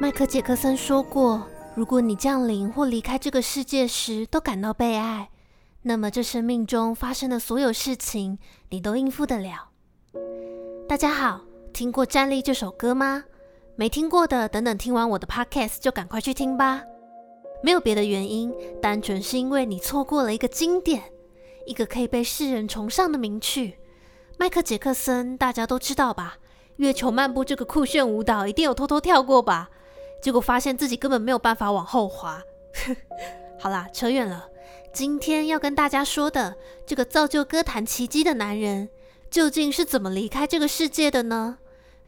麥可傑克森說過：“如果你降臨或離開這個世界時都感到被愛，那麼這生命中發生的所有事情你都應付得了。”大家好，聽過《戰慄》這首歌嗎？沒聽過的，等等聽完我的 podcast 就趕快去聽吧。沒有別的原因，單純是因為你錯過了一個經典，一個可以被世人崇尚的名曲。麥可傑克森，大家都知道吧？月球漫步這個酷炫舞蹈，一定有偷偷跳過吧？結果發現自己根本沒有辦法往後滑。 好啦，扯遠了。今天要跟大家說的這個造就歌壇奇蹟的男人，究竟是怎麼離開這個世界的呢？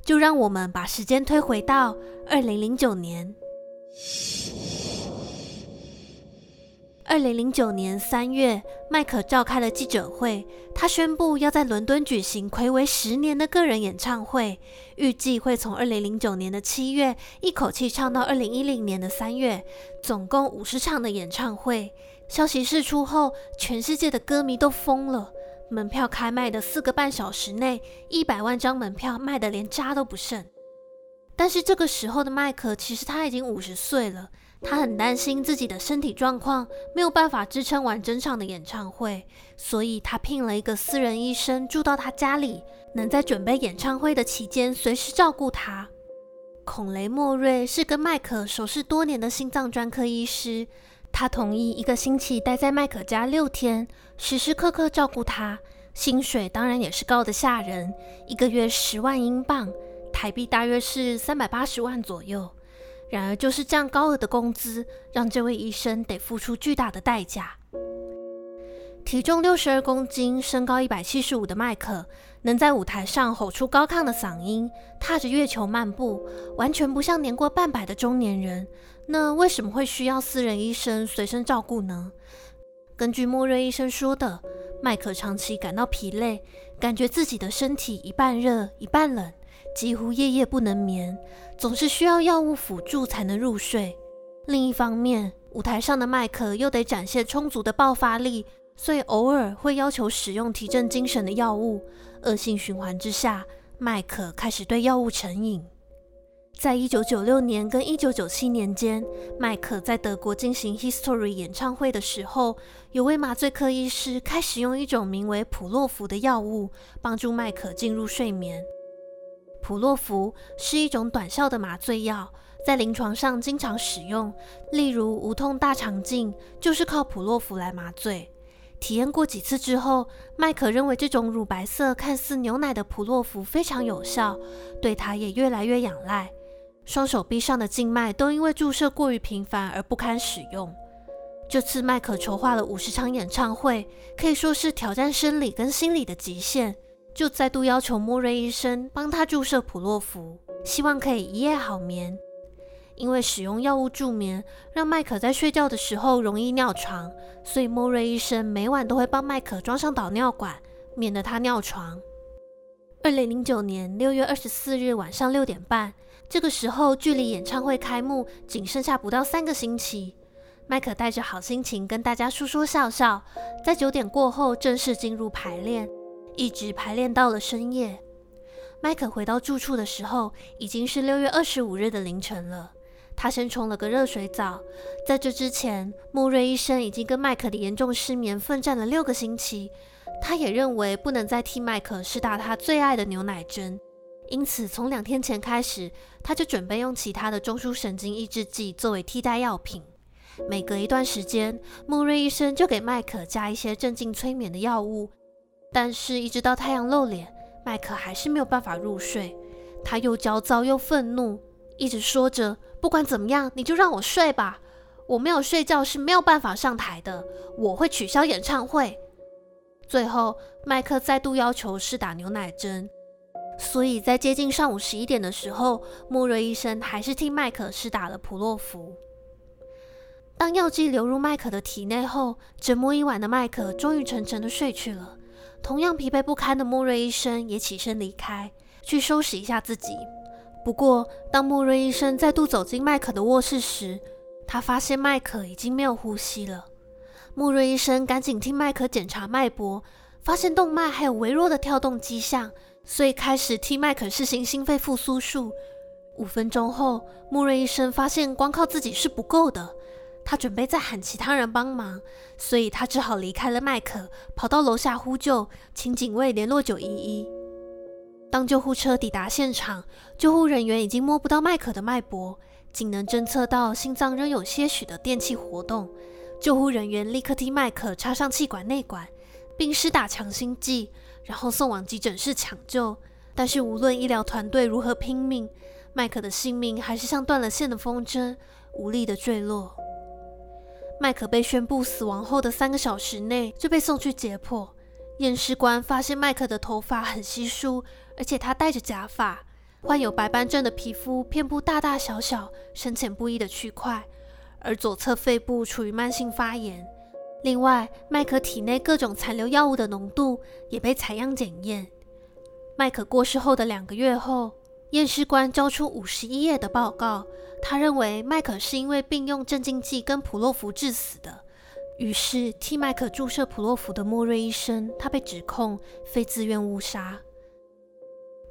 就讓我們把時間推回到二零零九年。二零零九年三月，麥可召開了記者會，他宣布要在倫敦舉行睽違十年的個人演唱會，預計會從二零零九年的七月一口氣唱到二零一零年的三月，總共五十場的演唱會。消息釋出後，全世界的歌迷都瘋了，門票開賣的四個半小時內，一百萬張門票賣得連渣都不剩。但是這個時候的麥可，其實他已經五十歲了。他很擔心自己的身體狀況，沒有辦法支撐完整場的演唱會，所以他聘了一個私人醫生住到他家裡，能在準備演唱會的期間隨時照顧他。孔雷莫瑞是跟麥可熟識多年的心臟專科醫師，他同意一個星期待在麥可家六天，時時刻刻照顧他。薪水當然也是高得嚇人，一個月十萬英鎊，台幣大約是三百八十萬左右。然而，就是這樣高額的工資，讓這位醫生得付出巨大的代價。體重六十二公斤、身高一百七十五的麥可，能在舞台上吼出高亢的嗓音，踏着月球漫步，完全不像年過半百的中年人。那為什麼會需要私人醫生隨身照顧呢？根據莫瑞醫生說的，麥可長期感到疲累。感覺自己的身體一半熱一半冷，幾乎夜夜不能眠，總是需要藥物輔助才能入睡。另一方面，舞台上的麥可又得展現充足的爆發力，所以偶爾會要求使用提振精神的藥物。惡性循環之下，麥可開始對藥物成癮。在一九九六年跟一九九七年間，麥可在德國進行 History 演唱會的時候，有位麻醉科醫師開始用一種名為普洛福的藥物幫助麥可進入睡眠。普洛福是一種短效的麻醉藥，在臨床上經常使用，例如無痛大腸鏡就是靠普洛福來麻醉。體驗過幾次之後，麥可認為這種乳白色、看似牛奶的普洛福非常有效，對他也越來越仰賴。雙手臂上的靜脈都因為注射過於頻繁而不堪使用。這次麥可籌劃了五十場演唱會，可以說是挑戰生理跟心理的極限，就再度要求莫瑞醫生幫他注射普洛福，希望可以一夜好眠。因為使用藥物助眠，讓麥可在睡覺的時候容易尿床，所以莫瑞醫生每晚都會幫麥可裝上導尿管，免得他尿床。二零零九年六月二十四日晚上六點半。這個時候，距離演唱會開幕僅剩下不到三個星期。麥可帶着好心情跟大家說說笑笑，在九點過後正式進入排練，一直排練到了深夜。麥可回到住處的時候，已經是六月二十五日的凌晨了。他先沖了個熱水澡，在這之前，莫瑞醫生已經跟麥可的嚴重失眠奮戰了六個星期，他也認為不能再替麥可施打他最愛的牛奶針。因此，從兩天前開始，他就準備用其他的中樞神經抑制劑作為替代藥品。每隔一段時間，穆瑞醫生就給麥可加一些鎮靜催眠的藥物。但是，一直到太陽露臉，麥可還是沒有辦法入睡。他又焦躁又憤怒，一直說着：“不管怎麼樣，你就讓我睡吧！我沒有睡覺是沒有辦法上台的，我會取消演唱會。”最後，麥可再度要求施打牛奶針。所以在接近上午十一點的時候，莫瑞醫生還是替麥可施打了普洛福。當藥劑流入麥可的體內後，折磨一晚的麥可終於沉沉的睡去了。同樣疲憊不堪的莫瑞醫生也起身離開，去收拾一下自己。不過，當莫瑞醫生再度走進麥可的臥室時，他發現麥可已經沒有呼吸了。莫瑞醫生趕緊替麥可檢查脈搏，發現動脈還有微弱的跳動跡象。所以開始替麥可施行心肺復甦術。五分鐘後，穆瑞醫生發現光靠自己是不夠的，他準備再喊其他人幫忙，所以他只好離開了麥可，跑到樓下呼救，請警衛聯絡九一一。當救護車抵達現場，救護人員已經摸不到麥可的脈搏，僅能偵測到心臟仍有些許的電氣活動。救護人員立刻替麥可插上氣管內管，並施打強心劑。然後送往急診室搶救，但是無論醫療團隊如何拼命，麥可的性命還是像斷了線的風箏，無力地墜落。麥可被宣布死亡後的三個小時內就被送去解剖，驗屍官發現麥可的頭髮很稀疏，而且他戴着假髮，患有白斑症的皮膚遍布大大小小、深淺不一的區塊，而左側肺部處於慢性發炎。另外，麥可體內各種殘留藥物的濃度也被採樣檢驗。麥可過世後的兩個月後，驗屍官交出五十一頁的報告，他認為麥可是因為併用鎮靜劑跟普洛福致死的。於是，替麥可注射普洛福的莫瑞醫生，他被指控非自願誤殺。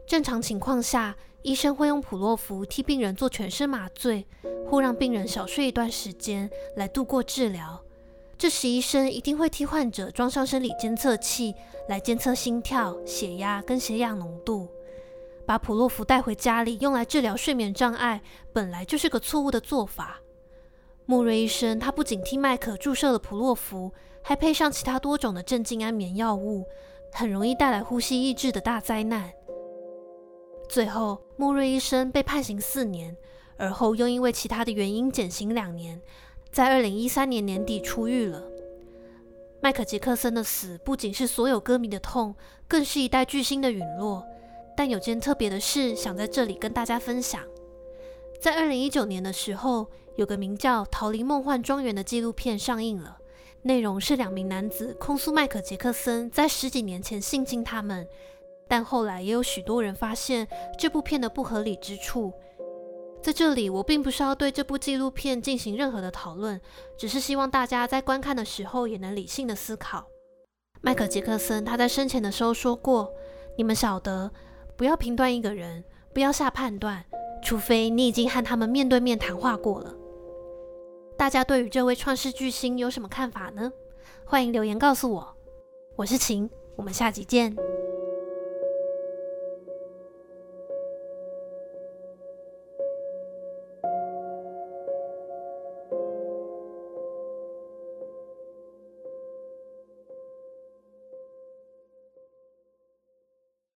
正常情況下，醫生會用普洛福替病人做全身麻醉，或讓病人少睡一段時間來度過治療。這時，醫生一定會替患者裝上生理監測器，來監測心跳、血壓跟血氧濃度。把普洛福帶回家裡用來治療睡眠障礙，本來就是個錯誤的做法。穆瑞醫生他不僅替麥可注射了普洛福，還配上其他多種的鎮靜安眠藥物，很容易帶來呼吸抑制的大災難。最後，穆瑞醫生被判刑四年，而後又因為其他的原因減刑兩年。在二零一三年年底出獄了。麥可傑克森的死不僅是所有歌迷的痛，更是一代巨星的隕落。但有件特別的事想在這裡跟大家分享：在二零一九年的時候，有個名叫《逃離夢幻莊園》的紀錄片上映了，內容是兩名男子控訴麥可傑克森在十幾年前性侵他們。但後來也有許多人發現這部片的不合理之處。在這裡，我並不是要對這部紀錄片進行任何的討論，只是希望大家在觀看的時候也能理性的思考。麥可傑克森他在生前的時候說過：“你們曉得，不要評斷一個人，不要下判斷，除非你已經和他們面對面談話過了。”大家對於這位創世巨星有什麼看法呢？歡迎留言告訴我。我是晴，我們下集見。